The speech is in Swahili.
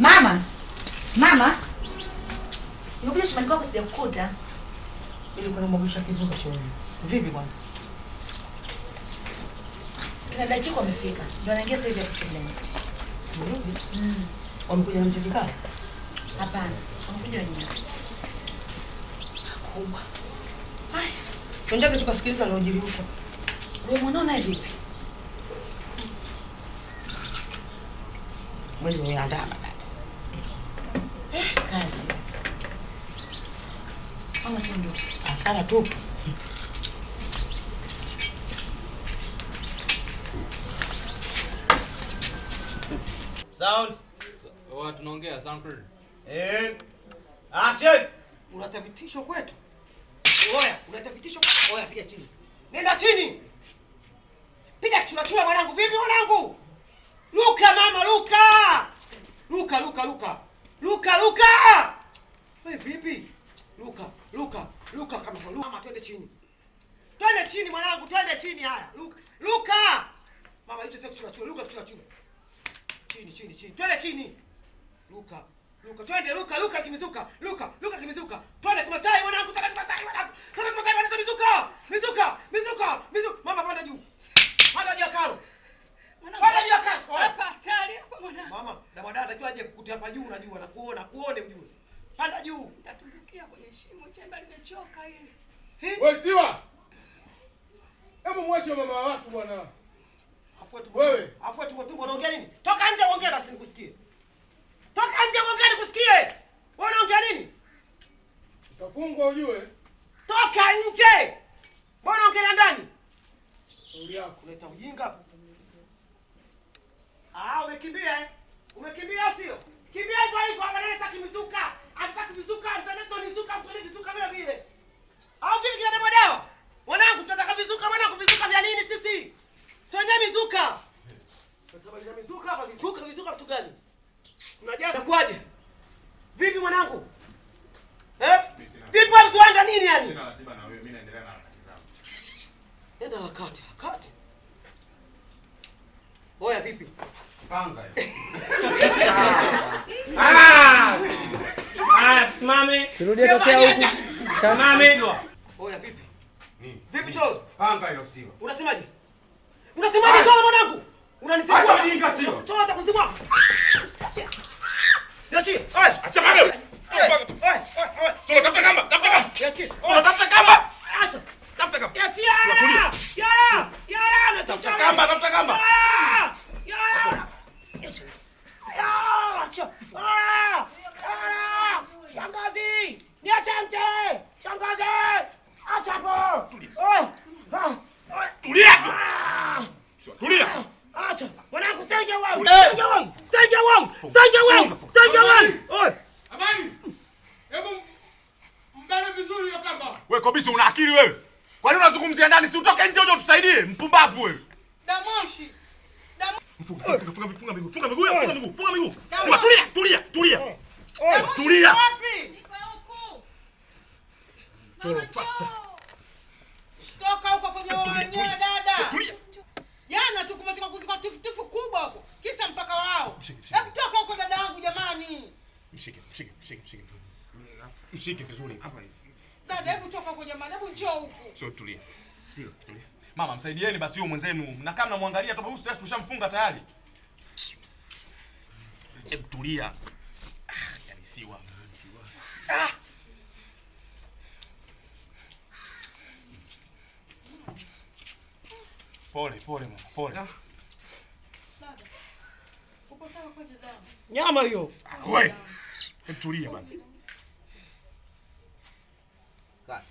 Mama, mama, nimekuja shambani kwako sijakukuta. Ilikuwa nimekuja kizungu chooni. Vipi bwana? Kina Dachiko amefika. Ndio anaingia sasa hivi akisemeni. Vipi? Mm. Wamekuja na mzee kikao? Hapana, wamekuja wenyewe. Kubwa. Haya. Twende tukasikiliza na ujiri huko. Wewe mwanao naye vipi? Mwezi umeandaa baba kazi asara tupu. Sound. Wa oh, tunaongea sound crew. Eh. Action. Unataka vitisho kwetu? Oya, unataka vitisho Oya, piga chini. Nenda chini. Piga kichwa chua mwanangu, vipi mwanangu? Luka mama, Luka. Luka, Luka, Luka. Luka, Luka! Wewe vipi? Luka, Luka, Luka kama sa Luka, twende chini. Twende chini mwanangu, twende chini haya. Luka, Luka! Mama hicho sio kuchula chula, Luka kuchula chula. Chini, chini, chini. Twende chini. Luka, Luka, twende Luka, Luka kimizuka. Luka, Luka kimizuka. Twende kumasai mwanangu, twende kumasai mwanangu. Twende kumasai mwanangu, mizuka. Mizuka, mizuka. Panda juu. Nitatumbukia kwenye shimo, chemba limechoka hili. Wewe siwa. Hebu mwache mama wa watu bwana. Afua tu wewe. Afua tu tu unaongea nini? Toka nje ongea basi nikusikie. Toka nje ongea nikusikie. Wewe unaongea nini? Utafungwa ujue. Toka nje. Mbona ongea ndani? Shauri yako. Leta ujinga Ah, umekimbia eh? Umekimbia sio? Kimbia hivyo hivyo, hapa nani takimizuka vizuka mzalendo vizuka mzalendo vizuka vile vile. Au vipi kina demo dawa? Wanangu tunataka vizuka mwanangu vizuka vya nini sisi? Sio nyenye mizuka. Tunataka mizuka hapa vizuka vizuka mtu gani? Unajaa takwaje? Vipi mwanangu? Eh? Vipi wewe msiwanda nini yani? Sina ratiba na wewe mimi naendelea na harakati zangu. Nenda harakati, harakati. Oya vipi? Panga. simame. Turudi tokea huku. Simame. Oya vipi? Nini? Vipi chozo? Panga hiyo sio. Unasemaje? Unasemaje chozo mwanangu? Unanifika. Acha mjinga sio. Chozo atakuzima. Yachi. Acha. Acha mwanangu. Chozo tafuta kamba. Tafuta kamba. Yachi. Chozo tafuta kamba. Acha. Tafuta kamba. Yachi. Ya. Ya. Ya. Tafuta kamba. Tafuta kamba. kabisa una akili wewe? Kwa nini unazungumzia ndani? Si utoke nje uje utusaidie, mpumbavu wewe. Damoshi. Funga funga funga Funga funga funga Jana tu kumetoka kuzika tifutifu kubwa huko. Kisa mpaka wao. Hebu toka huko dada wangu jamani. Mshike, mshike, mshike, mshike. Mshike vizuri hapa hivi. Dada, hebu toka huko jamani, hebu njoo huku. Sio, tulia. Sio, tulia. Mama, msaidieni basi huyo mwenzenu. Mnakaa mnamwangalia toba huyu stress tushamfunga tayari. Hebu tulia. Ah, yani siwa. Ah. Pole, pole mama, pole. Ah. Dada. Uko sawa kwa dada? Nyama hiyo. Ah, wewe. Hebu tulia bana. গাছ